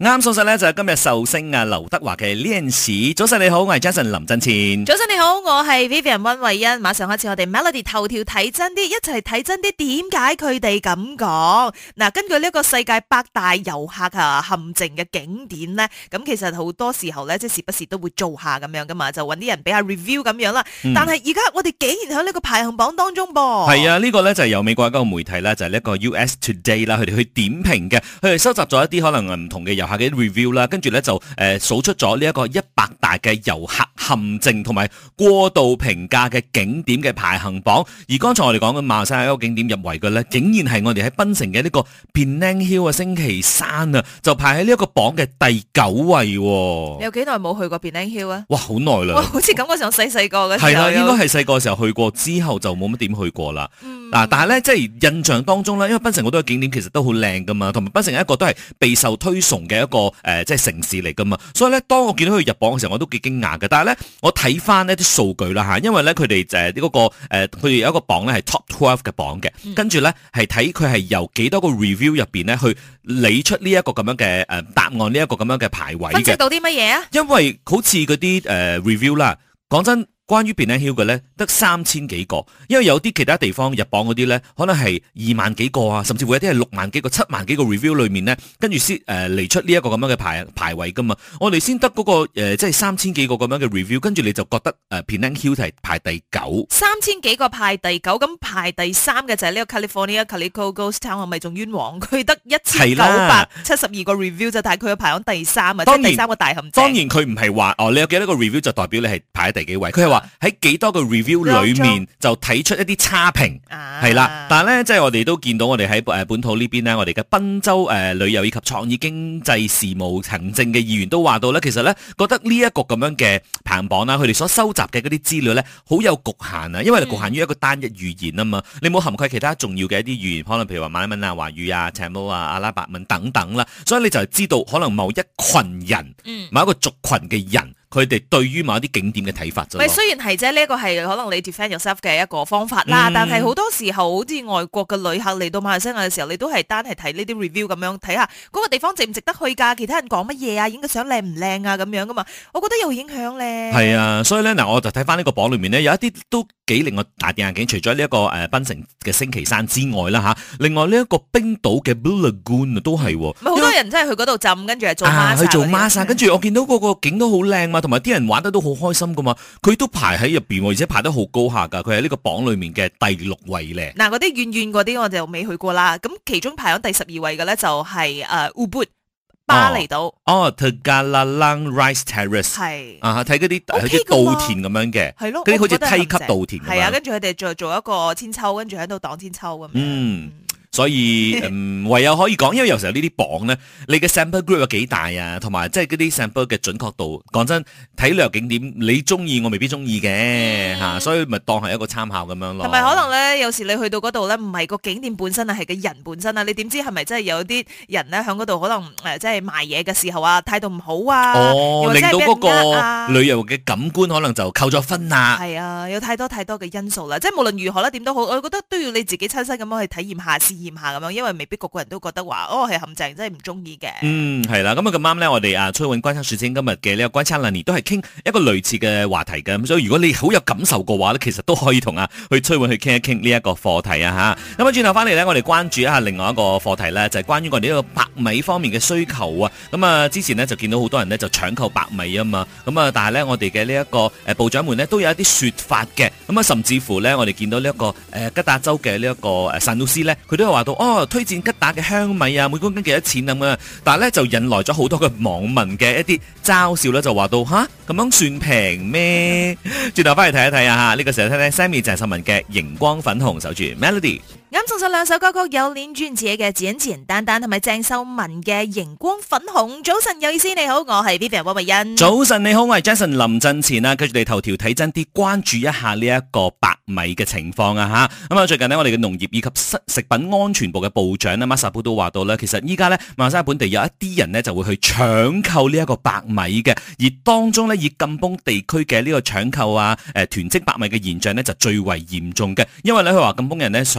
啱送信，咧就係今日壽星啊劉德華嘅呢陣時。早晨你好，我係 Jason 林振前。早晨你好，我係 Vivian 溫慧欣。馬上開始我哋 Melody 頭條睇真啲，一齊嚟睇真啲，點解佢哋咁講？嗱，根據呢一個世界八大遊客啊陷阱嘅景點咧，咁其實好多時候咧，即係時不時都會做下咁樣噶嘛，就揾啲人俾下 review 咁樣啦。但係而家我哋竟然喺呢個排行榜當中噃。係啊，呢個咧就係由美國一個媒體咧就係呢一個 US Today 啦，佢哋去點評嘅，佢哋收集咗一啲可能唔同嘅人。下嘅 review 啦，跟住咧就誒數出咗呢一個一百大嘅遊客陷阱同埋過度評價嘅景點嘅排行榜。而剛才我哋講嘅馬來西亞一個景點入圍嘅咧，竟然係我哋喺檳城嘅呢個 Penang Hill 啊，星期三啊，就排喺呢一個榜嘅第九位。你有幾耐冇去過 Penang Hill 啊？哇，好耐啦！好似感覺上細細個嘅時候。係啦的，又 應該係細個嘅時候去過，之後就冇乜點去過啦。嗱、嗯啊，但係咧，即係印象當中咧，因為檳城好多嘅景點其實都好靚噶嘛，同埋檳城係一個都係備受推崇嘅。係一個誒，即係城市嚟噶嘛，所以咧，當我見到佢入榜嘅時候，我都幾驚訝嘅。但係咧，我睇翻呢啲數據啦吓，因為咧佢哋誒就係呢個誒，佢哋有一個榜咧係 Top Twelve 嘅榜嘅，跟住咧係睇佢係由幾多個 review 入邊咧去理出呢一個咁樣嘅誒答案，呢一個咁樣嘅排位嘅。分析到啲乜嘢啊？因為好似嗰啲誒 review 啦，講真，關於 Bana Hill 嘅咧。得三千幾個，因為有啲其他地方入榜嗰啲咧，可能係二萬幾個啊，甚至會有啲係六萬幾個、七萬幾個 review 裏面咧，跟住先誒嚟出呢一個咁樣嘅排排位噶嘛。我哋先得嗰、誒即係三千幾個咁樣嘅 review，跟住你就覺得誒、呃、Penang Hill 係排第九，三千幾個排第九，咁排第三嘅就係呢個 California Calico Ghost Town，係咪仲冤枉佢得一千九百七十二個 review 就，大概佢去排喺第三啊，即係然第三個大陷阱。當然佢唔係話哦，你有幾多個 review 就代表你係排喺第幾位，佢係話喺幾多個 Review 裡面就睇出一啲差評，係啦、啊。但係咧，即係我哋都見到我哋喺誒本土邊呢邊咧，我哋嘅檳州誒、呃、旅遊以及創意經濟事務行政嘅議員都話到咧，其實咧覺得呢一個咁樣嘅排行榜啦、啊，佢哋所收集嘅嗰啲資料咧，好有局限啊，因為你局限於一個單一語言啊嘛。嗯、你冇涵蓋其他重要嘅一啲語言，可能譬如話馬來文啊、華語啊、赤毛啊、阿拉伯文等等啦。所以你就係知道可能某一群人，嗯、某一個族群嘅人。佢哋對於某一啲景點嘅睇法，就係雖然係啫，呢個係可能你 defend yourself 嘅一個方法啦。嗯、但係好多時候，好似外國嘅旅客嚟到馬來西亞嘅時候，你都係單係睇呢啲 review 咁樣，睇下嗰個地方值唔值得去㗎，其他人講乜嘢啊，影個相靚唔靚啊咁樣噶嘛。我覺得有影響咧。係啊，所以咧嗱，我就睇翻呢個榜裏面咧，有一啲都幾令我大跌眼鏡，除咗呢一個誒，檳、呃、城嘅升旗山之外啦，吓、啊，另外呢一個冰島嘅 Blue Lagoon 都係、哦，唔好為多人真係去嗰度浸，跟住係做啊，去做瑪莎，跟住我見到嗰個景都好靚嘛，同埋啲人玩得都好開心噶嘛，佢都排喺入邊，而且排得好高下噶，佢喺呢個榜裏面嘅第六位咧。嗱、啊，嗰啲遠遠嗰啲我就未去過啦，咁其中排喺第十二位嘅咧就係誒 Ubud，呃巴厘島哦，Tegalalang Rice Terrace 係是啊，睇嗰啲好似稻田咁樣嘅，係咯了，嗰啲好似梯級稻田咁樣，係啊，跟住佢哋再做一個千秋，跟住喺度擋千秋咁樣。嗯所以嗯唯有可以講，因為有時候呢啲榜咧，你嘅 sample group 有幾大啊，同埋即係嗰啲 sample 嘅準確度。講真，睇旅遊景點你中意，我未必中意嘅嚇，所以咪當係一個參考咁樣咯。同埋可能咧，有時你去到嗰度咧，唔係個景點本身啊，係個人本身啊，你點知係咪真係有啲人咧喺嗰度可能誒，即係賣嘢嘅時候啊，態度唔好啊，哦令到嗰個旅遊嘅感官可能就扣咗分啊。係啊，有太多太多嘅因素啦，即係無論如何咧，點都好，我覺得都要你自己親身咁樣去體驗下先。下咁樣，因為未必個個人都覺得話哦係陷阱，真係唔中意嘅。嗯，係啦，咁啊咁啱呢，我哋啊崔永關心説清今日嘅呢一個關心論壇都係傾一個類似嘅話題嘅，咁所以如果你好有感受嘅話呢，其實都可以同啊去崔永去傾一傾呢一個課題啊嚇。咁啊轉頭翻嚟呢，我哋關注一下另外一個課題呢、啊，就係、是、關於我哋呢個白米方面嘅需求啊。咁啊之前呢，就見到好多人呢就搶購白米啊嘛，咁啊但係呢，我哋嘅呢一個誒、呃、部長們呢，都有一啲説法嘅，咁啊甚至乎呢，我哋見到呢、這、一個誒、呃、吉達州嘅呢一個誒薩、呃、斯呢。佢都。話到哦，推薦吉打嘅香米啊，每公斤幾多錢咁啊？但係咧就引來咗好多嘅網民嘅一啲嘲笑咧，就話到吓咁樣算平咩？轉頭翻嚟睇一睇啊吓，呢個時候聽聽 Sammy 鄭秀文嘅熒光粉紅守住 Melody。咁、嗯、送上兩首歌曲，有年專者」嘅自，自然自然丹丹同埋鄭秀文嘅《熒光粉紅》。早晨有意思，你好，我係 Vivian 溫慧欣。早晨你好，我係 Jason。林振前啦，跟住你頭條睇真啲，關注一下呢一個白米嘅情況啊吓。咁、嗯、啊，最近呢，我哋嘅農業以及食品安全部嘅部長咧，馬薩布都話到呢，其實依家呢，馬莎本地有一啲人呢就會去搶購呢一個白米嘅，而當中呢，以禁崩地區嘅呢個搶購啊、誒囤積白米嘅現象呢，就最為嚴重嘅，因為咧佢話禁崩人呢。想。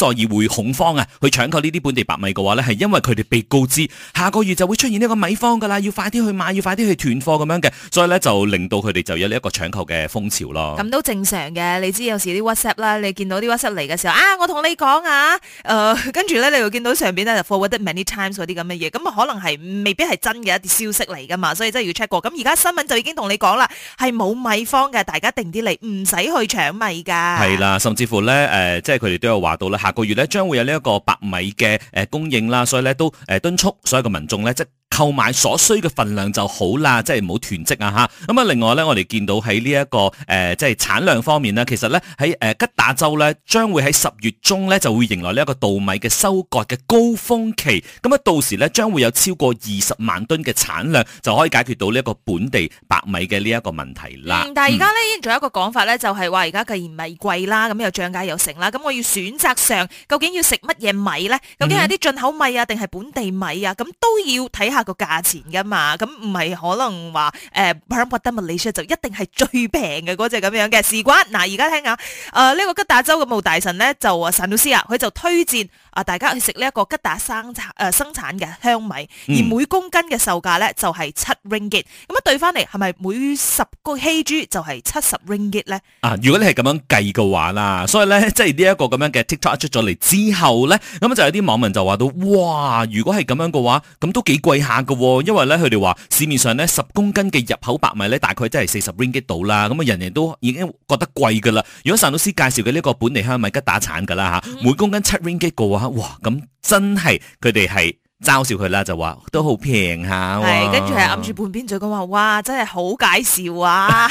所以會恐慌啊！去搶購呢啲本地白米嘅話咧，係因為佢哋被告知下個月就會出現呢個米荒噶啦，要快啲去買，要快啲去囤貨咁樣嘅，所以咧就令到佢哋就有呢一個搶購嘅風潮咯。咁都正常嘅，你知有時啲 WhatsApp 啦，你見到啲 WhatsApp 嚟嘅時候啊，我同你講啊，誒，跟住咧你會見到上邊咧就 forwarded many times 嗰啲咁嘅嘢，咁啊可能係未必係真嘅一啲消息嚟噶嘛，所以真係要 check 過。咁而家新聞就已經同你講啦，係冇米荒嘅，大家定啲嚟，唔使去搶米㗎。係啦，甚至乎咧誒，即係佢哋都有話到咧客。啊、個月咧將會有呢一個白米嘅誒供應啦，所以咧都誒、呃、敦促所有嘅民眾咧即，購買所需嘅份量就好啦，即係唔好囤積啊！吓咁啊，另外呢，我哋見到喺呢一個誒、呃，即係產量方面呢，其實呢，喺誒、呃、吉打州呢，將會喺十月中呢就會迎來呢一個稻米嘅收割嘅高峰期。咁啊，到時呢，將會有超過二十萬噸嘅產量，就可以解決到呢一個本地白米嘅呢一個問題啦、嗯。但係而家呢，咧，仲有一個講法呢，就係話而家既然米貴啦，咁又漲價又成啦，咁我要選擇上究竟要食乜嘢米呢？究竟係啲進口米啊，定係本地米啊？咁都要睇下。個價錢噶嘛，咁唔係可能話誒，Peru 物嚟嘅，就一定係最平嘅嗰隻咁樣嘅。事關嗱，而、啊、家聽下誒，呢個吉打州嘅務大臣咧就啊散老師啊，佢就推薦啊大家去食呢一個吉打生產誒、呃、生產嘅香米，而每公斤嘅售價咧就係、是、七 ringgit。咁一兌翻嚟係咪每十公 kg 就係七十 ringgit 咧？啊，如果你係咁樣計嘅話啦，所以咧即係呢一、就是、個咁樣嘅 TikTok 出咗嚟之後咧，咁就有啲網民就話到哇，如果係咁樣嘅話，咁都幾貴。下因為咧佢哋話市面上咧十公斤嘅入口白米咧，大概真係四十 ringgit 到啦。咁啊，人哋都已經覺得貴嘅啦。如果陳老師介紹嘅呢個本地香米吉打產嘅啦嚇，每公斤七 ringgit 嘅話，哇，咁真係佢哋係。嘲笑佢啦，就話都好平下，係跟住係揞住半邊嘴講話，哇，真係好介紹啊！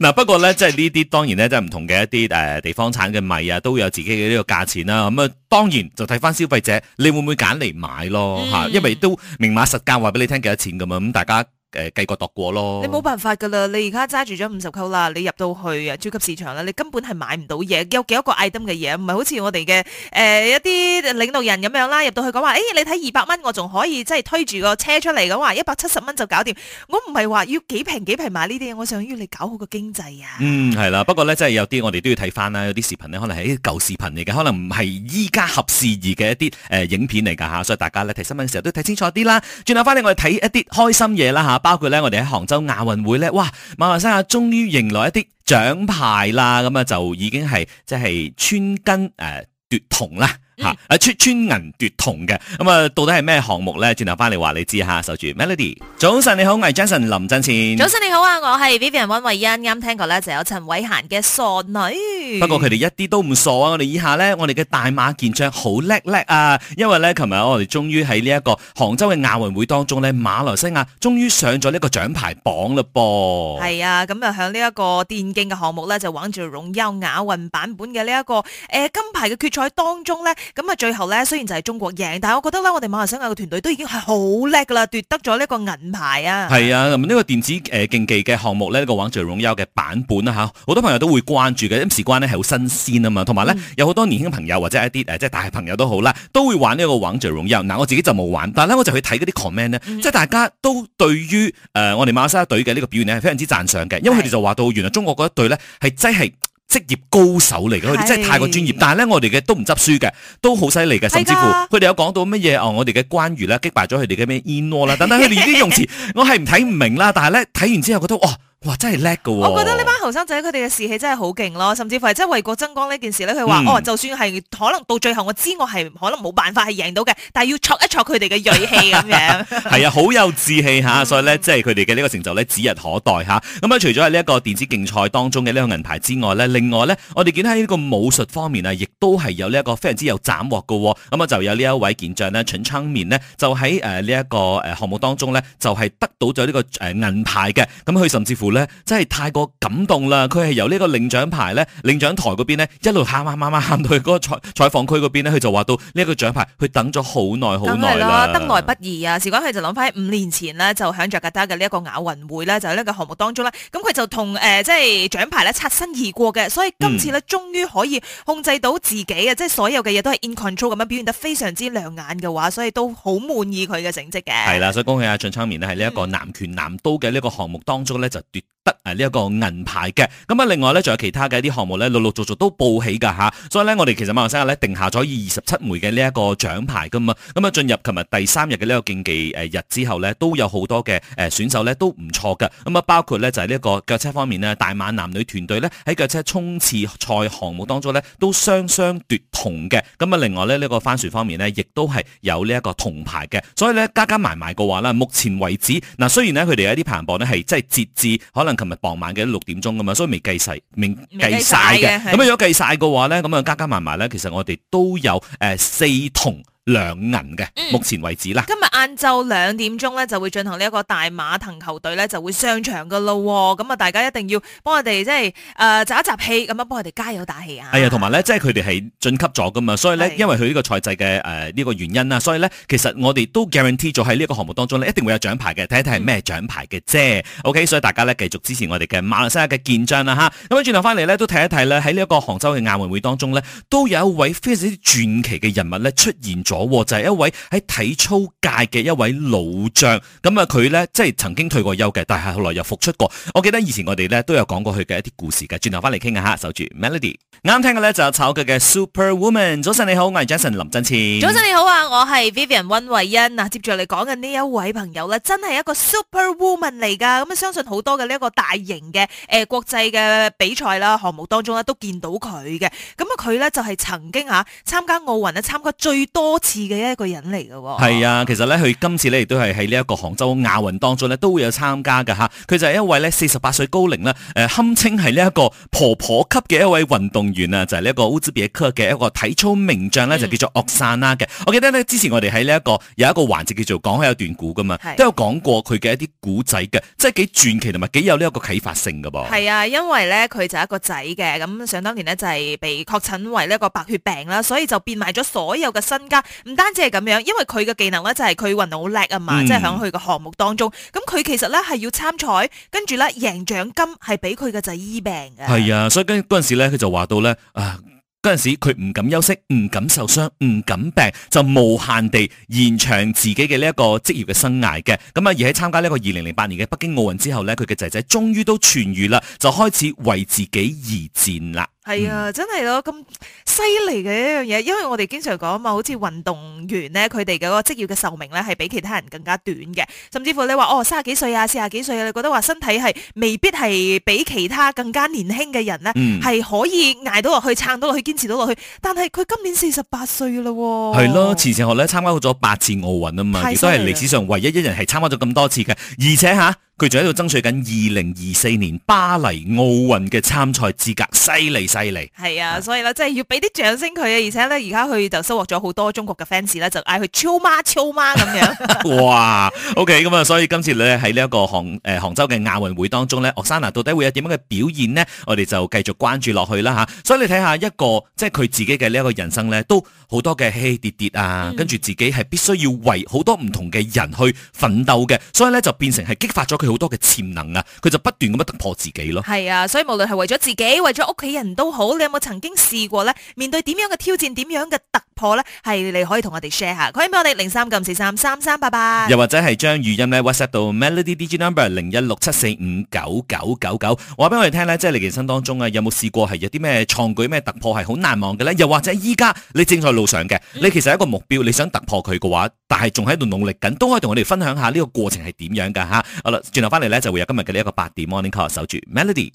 嗱，不過咧，即係呢啲，當然咧，即係唔同嘅一啲誒、呃、地方產嘅米啊，都有自己嘅呢個價錢啦。咁啊，當然就睇翻消費者，你會唔會揀嚟買咯吓？嗯、因為都明碼實價話俾你聽幾多錢噶嘛，咁、嗯、大家。誒，計過度過咯，你冇辦法噶啦，你而家揸住咗五十扣啦，你入到去啊超級市場啦，你根本係買唔到嘢，有幾多個 item 嘅嘢，唔係好似我哋嘅誒一啲領導人咁樣啦，入到去講話，誒、欸，你睇二百蚊，我仲可以即係推住個車出嚟，咁話一百七十蚊就搞掂，我唔係話要幾平幾平買呢啲嘢，我想要你搞好個經濟啊。嗯，係啦，不過呢，即係有啲我哋都要睇翻啦，有啲視頻呢，可能係啲舊視頻嚟嘅，可能唔係依家合時宜嘅一啲誒、呃、影片嚟噶吓，所以大家呢，睇新聞嘅時候都睇清楚啲啦。轉頭翻嚟我哋睇一啲開心嘢啦吓。包括咧，我哋喺杭州亞運會咧，哇！馬來西亞終於迎來一啲獎牌啦，咁啊就已經係即係穿根誒奪銅啦。呃吓，嗯嗯、啊，出穿銀奪銅嘅，咁啊，到底係咩項目咧？轉頭翻嚟，話你知吓、啊，守住 Melody。早晨你好，我係 Jason 林振倩。早晨你好啊，我係 Vivian 溫慧欣。啱聽過咧，就、啊、有陳慧嫻嘅傻女。不過佢哋一啲都唔傻啊！我哋以下咧，我哋嘅大馬健將好叻叻啊！因為咧，琴日我哋終於喺呢一個杭州嘅亞運會當中咧，馬來西亞終於上咗呢個獎牌榜啦噃。係啊，咁啊，喺呢一個電競嘅項目咧，就玩住榮耀亞運版本嘅呢一個誒金牌嘅決賽當中咧。咁啊，最後咧，雖然就係中國贏，但係我覺得咧，我哋馬來西亞嘅團隊都已經係好叻㗎啦，奪得咗呢一個銀牌啊！係啊，咁、嗯、呢、這個電子誒、呃、競技嘅項目咧，呢、這個《王者榮耀》嘅版本啊嚇，好多朋友都會關注嘅，咁為事關咧係好新鮮啊嘛，同埋咧有好、嗯、多年輕朋友或者一啲誒即係大朋友都好啦，都會玩呢個玩《王者榮耀》。嗱，我自己就冇玩，但係咧我就去睇嗰啲 comment 咧、嗯哼，即係大家都對於誒、呃、我哋馬來西亞隊嘅呢個表現係非常之讚賞嘅，因為佢哋就話到原來中國嗰一隊咧係真係。職業高手嚟嘅，佢哋真係太過專業。的但係咧，我哋嘅都唔執輸嘅，都好犀利嘅。甚至乎，佢哋有講到乜嘢？哦，我哋嘅關羽咧擊敗咗佢哋嘅咩燕窩啦等等。佢哋啲用詞， 我係唔睇唔明啦。但係咧，睇完之後覺得哇！哦哇，真係叻噶！我覺得呢班後生仔佢哋嘅士氣真係好勁咯，甚至乎係即係為國爭光呢件事咧。佢話、嗯、哦，就算係可能到最後我知我係可能冇辦法係贏到嘅，但係要挫一挫佢哋嘅銳氣咁樣。係啊， 好有志氣吓，所以咧即係佢哋嘅呢個成就咧指日可待吓。咁、嗯、啊、嗯嗯嗯，除咗喺呢一個電子競賽當中嘅呢個銀牌之外咧，另外咧我哋見喺呢個武術方面啊，亦都係有呢一個非常之有斬獲噶。咁、嗯、啊，就有呢一位健將呢，陳昌冕呢，就喺誒呢一個誒項目當中咧，就係得到咗呢個誒銀牌嘅。咁佢甚至乎。真係太過感動啦！佢係由呢個領獎牌咧、領獎台嗰邊呢，一路喊喊喊喊到去嗰個采採訪區嗰邊呢，佢就話到呢個獎牌很久很久，佢等咗好耐、好耐啦。咁係得來不易啊！事關佢就諗翻五年前呢，就響雅加達嘅呢一個亞運會咧，就喺呢個項目當中啦。咁佢就同誒、呃、即係獎牌咧擦身而過嘅，所以今次呢，終於可以控制到自己啊！嗯、即係所有嘅嘢都係 in control 咁樣表現得非常之亮眼嘅話，所以都好滿意佢嘅成績嘅。係啦，所以恭喜阿俊昌棉咧，呢一個男拳男刀嘅呢個項目當中咧，就、嗯。嗯得誒呢一個銀牌嘅，咁啊、嗯、另外咧仲有其他嘅一啲項目咧陸陸續續都報起噶吓、啊，所以咧我哋其實馬來西亞咧定下咗二十七枚嘅呢一個獎牌噶嘛，咁啊進入琴日第三日嘅呢個競技誒日之後咧，都有好多嘅誒選手咧都唔錯嘅，咁啊包括咧就係呢一個腳車方面呢，大馬男女團隊咧喺腳車衝刺賽項目當中咧都雙雙奪銅嘅，咁啊另外咧呢、這個帆船方面呢，亦都係有呢一個銅牌嘅，所以咧加加埋埋嘅話咧，目前為止嗱、啊、雖然呢，佢哋有一啲排行榜咧係即係截至。可能琴日傍晚嘅六點鐘咁，啊，所以未計晒，未計曬嘅。咁啊，如果計晒嘅話咧，咁啊，加加埋埋咧，其實我哋都有誒四桶。呃兩銀嘅，嗯、目前為止啦。今日晏晝兩點鐘咧，就會進行呢一個大馬騰球隊咧，就會上場噶啦。咁、嗯、啊，大家一定要幫我哋即係誒集一集氣咁樣，幫我哋加油打氣啊！係啊、哎，同埋咧，即係佢哋係晉級咗噶嘛，所以咧，的因為佢呢個賽制嘅誒呢個原因啦，所以咧，其實我哋都 guarantee 咗喺呢一個項目當中咧，一定會有獎牌嘅，睇一睇係咩獎牌嘅啫。嗯、OK，所以大家咧繼續支持我哋嘅馬來西亞嘅健將啦，吓。咁啊，轉頭翻嚟咧，都睇一睇咧，喺呢一個杭州嘅亞運會當中咧，都有一位非常之傳奇嘅人物咧出現咗。就係一位喺體操界嘅一位老將，咁啊佢咧即係曾經退過休嘅，但係後來又復出過。我記得以前我哋咧都有講過佢嘅一啲故事嘅。轉頭翻嚟傾下嚇，守住 Melody 啱聽嘅咧就係炒腳嘅 Superwoman。早晨你好，我係 Jason 林振前。早晨你好啊，我係 Vivian 温慧欣啊。接住嚟講嘅呢一位朋友咧，真係一個 Superwoman 嚟㗎。咁、嗯、啊相信好多嘅呢一個大型嘅誒、呃、國際嘅比賽啦項目當中咧都見到佢嘅。咁啊佢咧就係、是、曾經嚇、啊、參加奧運咧參加最多。次嘅一個人嚟嘅喎，係啊，其實咧佢今次咧亦都係喺呢一個杭州亞運當中呢，都會有參加嘅嚇，佢就係一位呢四十八歲高齡咧，誒、呃、堪稱係呢一個婆婆級嘅一位運動員啊，就係呢一個烏茲別克嘅一個體操名將呢，嗯、就叫做奧山啦。嘅。我記得呢，之前我哋喺呢一個有一個環節叫做講開有段古嘅嘛，啊、都有講過佢嘅一啲古仔嘅，即係幾傳奇同埋幾有呢一個啟發性嘅噃。係、嗯、啊，因為呢，佢就係一個仔嘅，咁、嗯、想當年呢，就係、是、被確診為呢一個白血病啦，所以就變賣咗所有嘅身家。唔單止係咁樣，因為佢嘅技能咧就係佢運動好叻啊嘛，即係喺佢嘅項目當中。咁佢其實咧係要參賽，跟住咧贏獎金係俾佢嘅仔醫病嘅。係啊，所以跟嗰陣時咧，佢就話到咧，啊嗰陣時佢唔敢休息，唔敢受傷，唔敢病，就無限地延長自己嘅呢一個職業嘅生涯嘅。咁啊，而喺參加呢個二零零八年嘅北京奧運之後咧，佢嘅仔仔終於都痊癒啦，就開始為自己而戰啦。係啊，嗯、真係咯，咁犀利嘅一樣嘢，因為我哋經常講啊嘛，好似運動員咧，佢哋嘅嗰個職業嘅壽命咧係比其他人更加短嘅，甚至乎你話哦，三十幾歲啊，四十幾歲啊，你覺得話身體係未必係比其他更加年輕嘅人咧，係、嗯、可以捱到落去撐到落去堅持到落去，但係佢今年四十八歲啦，係咯，慈善學咧參加咗八次奧運啊嘛，亦都係歷史上唯一一人係參加咗咁多次嘅，而且吓。啊佢仲喺度爭取緊二零二四年巴黎奧運嘅參賽資格，犀利犀利。係啊，所以咧，即係要俾啲掌聲佢啊！而且咧，而家佢就收穫咗好多中國嘅 fans 咧，就嗌佢超媽超媽咁樣。 哇！OK，咁啊，所以今次咧喺呢一個杭誒、呃、杭州嘅亞運會當中咧，奧莎娜到底會有點樣嘅表現呢？我哋就繼續關注落去啦吓。所以你睇下一個，即係佢自己嘅呢一個人生咧，都好多嘅起起跌跌啊！嗯、跟住自己係必須要為好多唔同嘅人去奮鬥嘅，所以咧就變成係激發咗佢。好多嘅潛能啊，佢就不斷咁樣突破自己咯。係啊，所以無論係為咗自己，為咗屋企人都好，你有冇曾經試過咧？面對點樣嘅挑戰，點樣嘅突？破咧，係你可以同我哋 share 下，可以俾我哋零三九四三三三八八，又或者係將語音咧 WhatsApp 到 Melody DJ number 零一六七四五九九九九，話俾我哋聽咧，即係你人生當中啊，有冇試過係有啲咩創舉、咩突破係好難忘嘅咧？又或者依家你正在路上嘅，你其實一個目標，你想突破佢嘅話，但係仲喺度努力緊，都可以同我哋分享下呢個過程係點樣噶吓。好啦，轉頭翻嚟咧就會有今日嘅呢一個八點 morning call 守住 Melody。